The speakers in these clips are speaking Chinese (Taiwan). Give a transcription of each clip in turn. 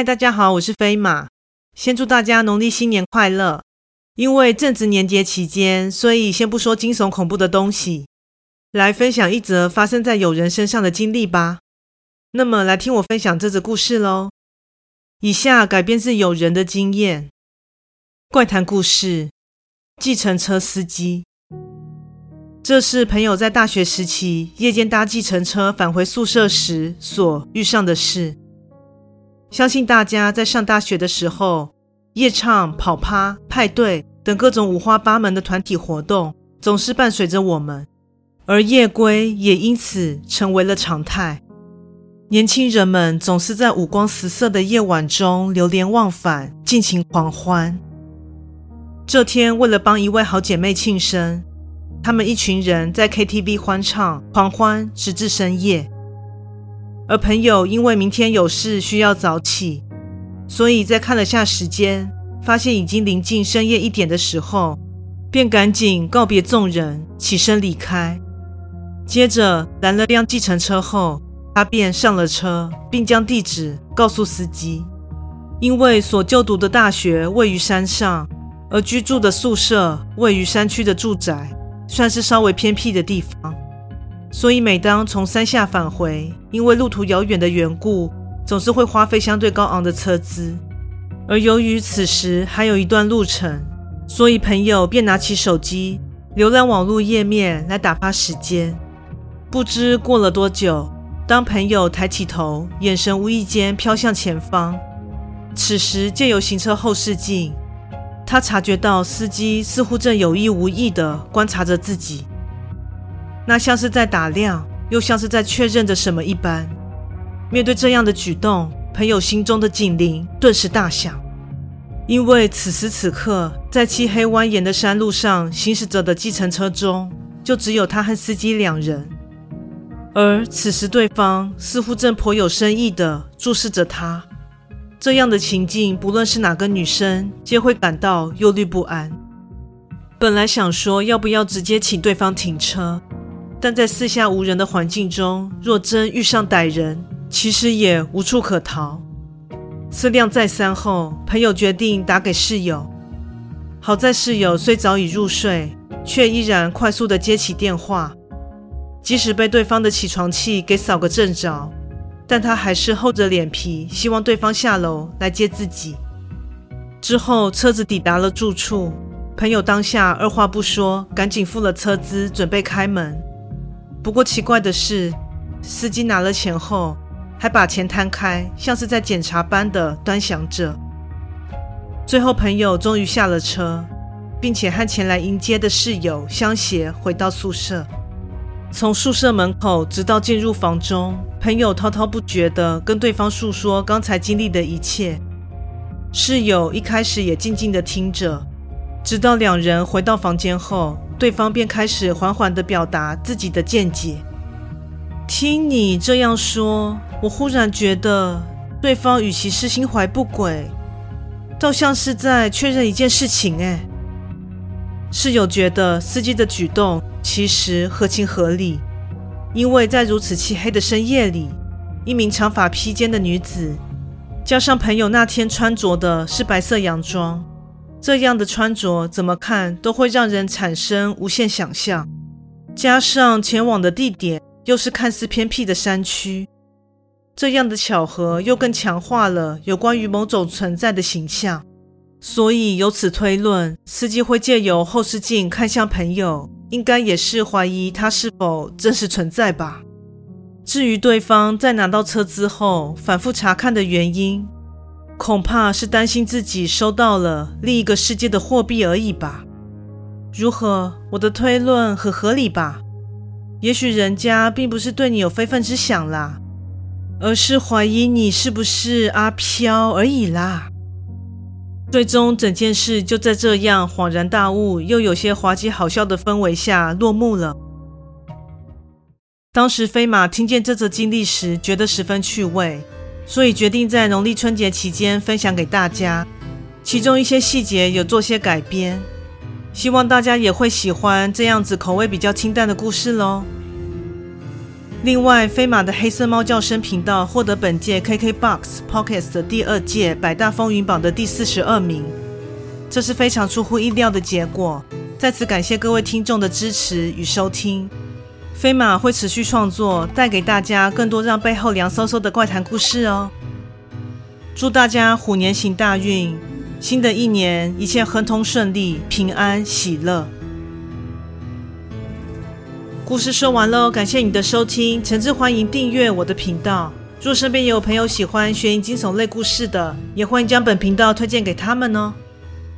嗨，大家好，我是飛馬。先祝大家農曆新年快樂！因為正值年節期間，所以先不說驚悚恐怖的東西，來分享一則發生在友人身上的經歷吧。那麼，來聽我分享這則故事嘍。以下改編自友人的經驗。怪談故事：計程車司機。這是朋友在大學時期夜間搭計程車返回宿舍時所遇上的事。相信大家在上大學的時候，夜唱、跑趴、派對等各種五花八門的團體活動總是伴隨着我們，而夜歸也因此成為了常態。年輕人們總是在五光十色的夜晚中流連忘返，盡情狂歡。這天，為了幫一位好姐妹慶生，她們一群人在 KTV 歡唱狂歡，直至深夜。而朋友因為明天有事需要早起，所以在看了下時間，發現已經臨近深夜一點的時候，便趕緊告別眾人，起身離開。接着攔了輛計程車後，他便上了車，並將地址告訴司機。因為所就讀的大學位於山上，而居住的宿舍位於山區的住宅，算是稍微偏僻的地方。所以，每當從山下返回，因為路途遙遠的緣故，總是會花費相對高昂的車資。而由於此時還有一段路程，所以朋友便拿起手機，瀏覽網絡頁面來打發時間。不知過了多久，當朋友抬起頭，眼神無意間飄向前方，此時借由行車後視鏡，他察覺到司機似乎正有意無意地觀察着自己。那像是在打量，又像是在確認着什麼一般。面對這樣的舉動，朋友心中的警鈴頓時大響。因為此時此刻，在漆黑蜿蜒的山路上行駛着的計程車中，就只有他和司機兩人。而此時，對方似乎正頗有深意地注視着他。這樣的情境，不論是哪個女生，皆會感到憂慮不安。本來想說，要不要直接請對方停車？但在四下無人的環境中，若真遇上歹人，其實也無處可逃。思量再三後，朋友決定打給室友。好在室友雖早已入睡，卻依然快速地接起電話。即使被對方的起床氣給掃個正着，但他還是厚着臉皮，希望對方下樓來接自己。之後，車子抵達了住處，朋友當下二話不說，趕緊付了車資，準備開門。不過奇怪的是，司機拿了錢後，還把錢攤開，像是在檢查般的端詳着。最後，朋友終於下了車，並且和前來迎接的室友相攜回到宿舍。從宿舍門口直到進入房中，朋友滔滔不絕地跟對方訴說剛才經歷的一切。室友一開始也靜靜地聽着，直到兩人回到房間後。對方便開始緩緩的表達自己的見解。聽你這樣說，我忽然覺得對方與其是心懷不軌，倒像是在確認一件事情。哎，室友覺得司機的舉動其實合情合理，因為在如此漆黑的深夜裡，一名長髮披肩的女子，加上朋友那天穿着的是白色洋裝。這樣的穿着怎麼看都會讓人產生無限想象，加上前往的地點又是看似偏僻的山區，這樣的巧合又更強化了有關於某種存在的形象。所以由此推論，司機會借由後視鏡看向朋友，應該也是懷疑他是否真實存在吧。至於對方在拿到車之後反覆查看的原因，恐怕是擔心自己收到了另一個世界的貨幣而已吧？如何？我的推論很合理吧？也許人家並不是對你有非分之想啦，而是懷疑你是不是阿飄而已啦。最終，整件事就在這樣恍然大悟，又有些滑稽好笑的氛圍下落幕了。當時飛馬聽見這則經歷時，覺得十分趣味。所以決定在農曆春節期間分享給大家，其中一些細節有做些改編，希望大家也會喜歡這樣子口味比較清淡的故事嘍。另外，飛馬的黑色貓叫聲頻道獲得本屆 KKBOX Podcast 的第二屆百大風雲榜的第四十二名，這是非常出乎意料的結果。在此感謝各位聽眾的支持與收聽。飛馬會持續創作，帶給大家更多讓背後涼颼颼的怪談故事哦。祝大家虎年行大運，新的一年一切亨通順利、平安喜樂。故事說完嘍，感謝你的收聽，誠摯歡迎訂閱我的頻道。若身邊也有朋友喜歡懸疑驚悚類故事的，也歡迎將本頻道推薦給他們哦。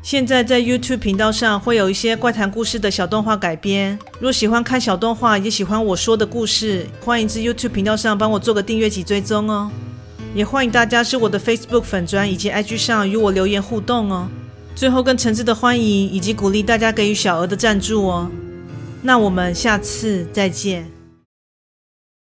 現在在 YouTube 頻道上會有一些怪談故事的小動畫改編。若喜歡看小動畫，也喜歡我說的故事，歡迎至 YouTube 頻道上幫我做個訂閱及追蹤哦。也歡迎大家至我的 Facebook 粉專以及 IG 上與我留言互動哦。最後，更誠摯的歡迎以及鼓勵大家給予小額的贊助哦。那我們下次再見。